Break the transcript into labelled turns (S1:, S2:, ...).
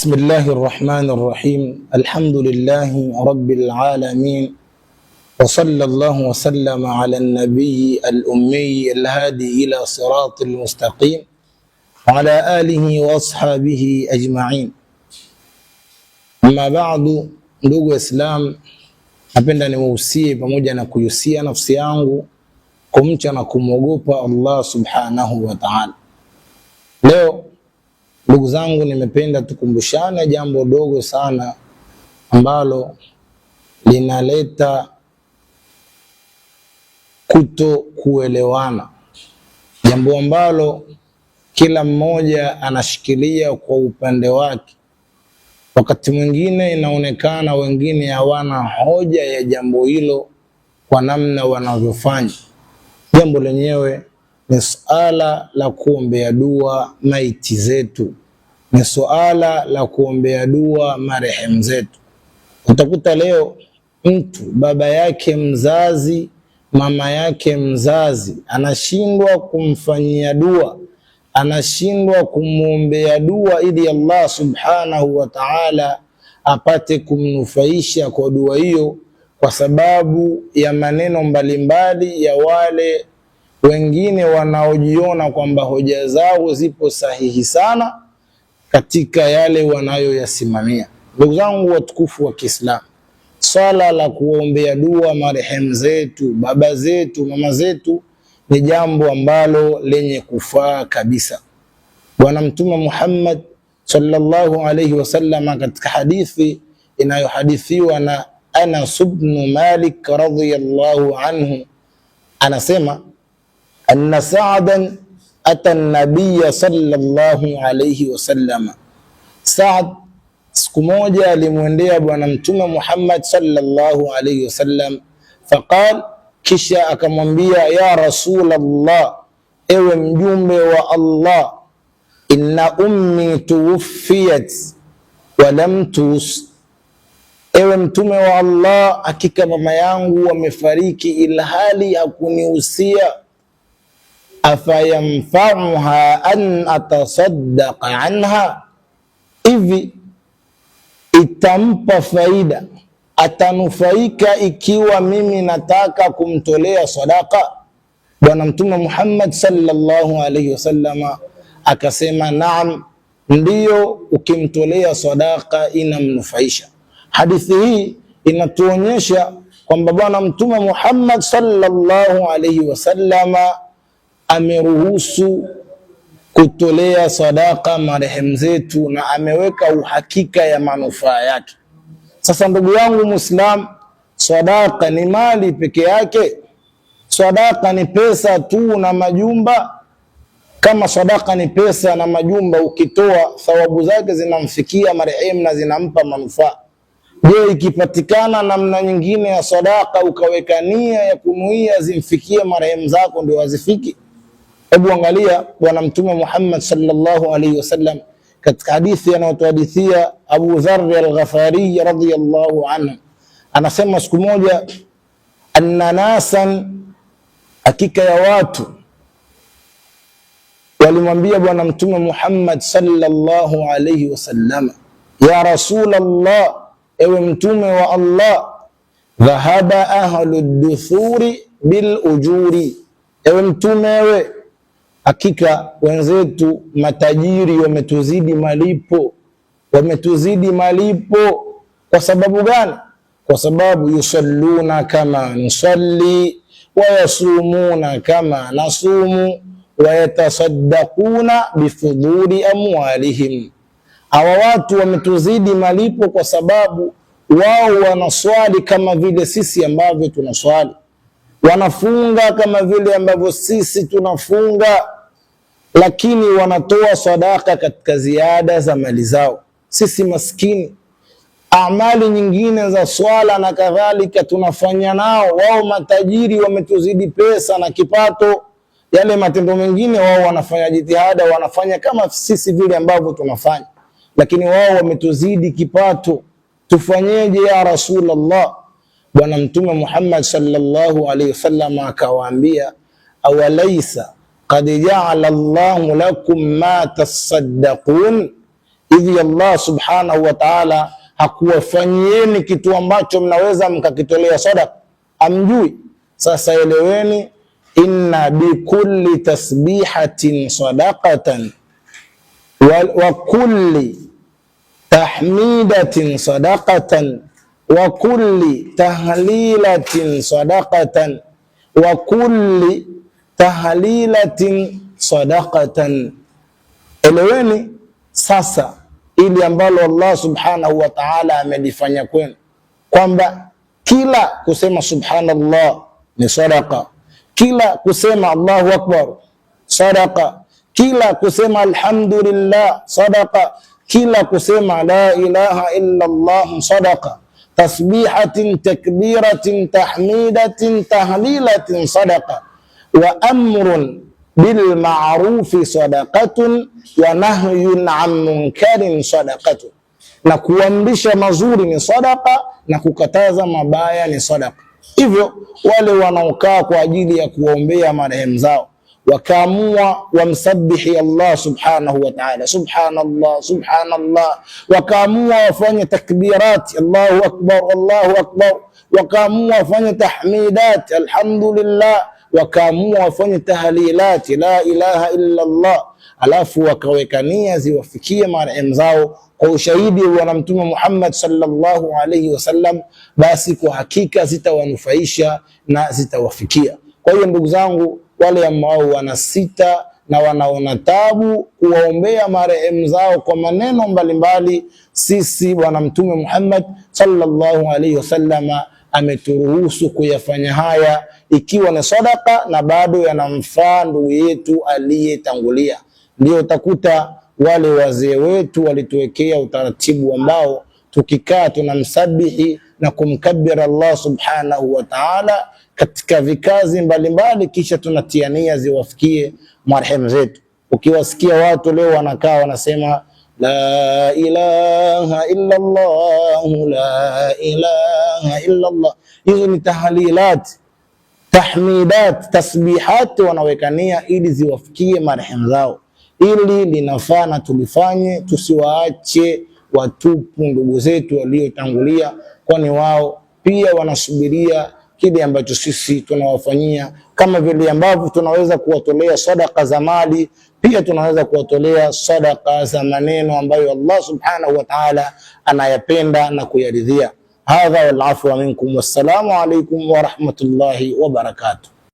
S1: بسم الله الرحمن الرحيم الحمد لله رب العالمين وصلى الله وسلم على النبي الأمي الهادي إلى صراط المستقيم وعلى آله وأصحابه أجمعين أما بعد ndugu Islam, napenda niwausie pamoja na kuiusia nafsi yangu kumcha na kumwogopa Allah subhanahu wa ta'ala. Leo Ndugu zangu, nimependa tukumbushane jambo dogo sana ambalo linaleta kuto kuelewana, jambo ambalo kila mmoja anashikilia kwa upande wake. Wakati mwingine inaonekana wengine hawana hoja ya jambo hilo kwa namna wanavyofanya jambo lenyewe ni suala la kuombea dua maiti zetu, ni suala la kuombea dua marehemu zetu. Utakuta leo mtu baba yake mzazi, mama yake mzazi, anashindwa kumfanyia dua, anashindwa kumwombea dua ili Allah subhanahu wa ta'ala apate kumnufaisha kwa dua hiyo, kwa sababu ya maneno mbalimbali ya wale wengine wanaojiona kwamba hoja zao zipo sahihi sana katika yale wanayoyasimamia. Ndugu zangu watukufu wa Kiislamu, swala la kuombea dua marehemu zetu, baba zetu, mama zetu ni jambo ambalo lenye kufaa kabisa. Bwana Mtume Muhammad sallallahu alayhi wasallam katika hadithi inayohadithiwa na Anas ibn Malik radhiyallahu anhu anasema أن سعدا أتى النبي صلى الله عليه وسلم سعد سكموجة لمهندية بنمتم محمد صلى الله عليه وسلم فقال كشا أكمنبيا يا رسول الله إوم جمع الله إن أمي توفيت ولم توس ewe mtume wa allah hakika mama yangu amefariki ilhali hakunihusia ya afayamfauha an atasaddaqa anha, hivi itampa faida, atanufaika ikiwa mimi nataka kumtolea sadaka? Bwana Mtume Muhammad sallallahu alayhi wasallama akasema naam, ndiyo, ukimtolea sadaka inamnufaisha. Hadithi hii inatuonyesha kwamba Bwana Mtume Muhammad sallallahu alayhi wasallama ameruhusu kutolea sadaka marehemu zetu na ameweka uhakika ya manufaa yake. Sasa ndugu yangu Muislam, sadaka ni mali peke yake? Sadaka ni pesa tu na majumba? Kama sadaka ni pesa na majumba, ukitoa thawabu zake zinamfikia marehemu na zinampa manufaa. Je, ikipatikana namna nyingine ya sadaka ukaweka nia ya kunuia zimfikie marehemu zako, ndio wazifiki Hebu angalia Bwana Mtume Muhammad sallallahu alaihi wasallam katika hadithi anayotuhadithia Abu Dharr al-Ghafari radhiyallahu anhu, anasema siku moja, anna nasan, hakika ya watu walimwambia Bwana Mtume Muhammad sallallahu alaihi wasallam, ya rasul Allah, ewe Mtume wa Allah, dhahaba ahlu dhuthuri bil ujuri, ewe Mtume, ewe Hakika wenzetu matajiri wametuzidi malipo, wametuzidi malipo. Kwa sababu gani? Kwa sababu yusalluna kama nusalli wayasumuna kama nasumu yatasaddaquna bifuduli amwalihim. Hawa watu wametuzidi malipo kwa sababu wao wanaswali kama vile sisi ambavyo tunaswali, wanafunga kama vile ambavyo sisi tunafunga lakini wanatoa sadaka katika ziada za mali zao. Sisi maskini, amali nyingine za swala na kadhalika tunafanya nao, wao matajiri wametuzidi pesa na kipato. Yale matendo mengine wao wanafanya jitihada, wanafanya kama sisi vile ambavyo tunafanya, lakini wao wametuzidi kipato. Tufanyeje ya Rasulullah? Bwana Mtume Muhammad sallallahu alaihi wasallam akawaambia, awalaisa Qad jaala llahu lakum ma tasaddaqun, hivi Allah subhanahu wa ta'ala hakuwafanyieni kitu ambacho mnaweza mkakitolea sadaka? Amjui? Sasa eleweni, inna bikulli tasbihatin sadaqatan wa kulli tahmidatin sadaqatan wa kulli tahlilatin sadaqatan wa kulli tahlilatin sadaqatan. Eleweni sasa ili ambalo Allah subhanahu wa ta'ala amelifanya kwenu kwamba kila kusema subhanallah ni sadaqa, kila kusema Allahu akbar sadaqa, kila kusema alhamdulillah sadaqa, kila kusema la ilaha illa Allah sadaqa tasbihatin takbiratin tahmidatin tahlilatin sadaqa wa amrun bil ma'rufi sadaqatun wa nahyun an munkarin sadaqatun, na kuamrisha mazuri ni sadaqa na kukataza mabaya ni sadaqa. Hivyo wale wanaokaa kwa ajili ya kuombea marehemu zao wakaamua wamsabihi Allah subhanahu wa ta'ala, subhanallah subhanallah, wakaamua wafanye takbirati, Allahu akbar Allahu akbar, wakaamua wafanye tahmidat alhamdulillah wakaamua wafanye tahlilati la ilaha illa Allah, alafu wakaweka nia ziwafikie marehemu zao kwa ushahidi wa bwana Mtume Muhammad sallallahu alayhi wasallam, basi kwa hakika zitawanufaisha na zitawafikia. Kwa hiyo ndugu zangu, wale ambao wana sita na wanaona tabu kuwaombea marehemu zao kwa maneno mbalimbali, sisi Bwana Mtume Muhammad sallallahu alayhi wasallama ameturuhusu kuyafanya haya ikiwa ni sadaka na bado yanamfaa ndugu yetu aliyetangulia. Ndio utakuta wale wazee wetu walituwekea utaratibu ambao tukikaa tunamsabihi na kumkabira Allah subhanahu wa ta'ala katika vikazi mbalimbali kisha tunatiania ziwafikie marehemu zetu. Ukiwasikia watu leo wanakaa wanasema la ilaha illa Allah, la ilaha illa Allah. Hizo ni tahlilat tahmidat, tasbihati wanawekania ili ziwafikie marehemu zao. Ili linafaa na tulifanye, tusiwaache watupu ndugu zetu waliotangulia, kwani wao pia wanasubiria kile ambacho sisi tunawafanyia kama vile ambavyo tunaweza kuwatolea sadaka za mali, pia tunaweza kuwatolea sadaka za maneno ambayo Allah subhanahu wa ta'ala anayapenda na kuyaridhia. Hadha wal afwa minkum, wassalamu alaykum wa rahmatullahi wa barakatuh.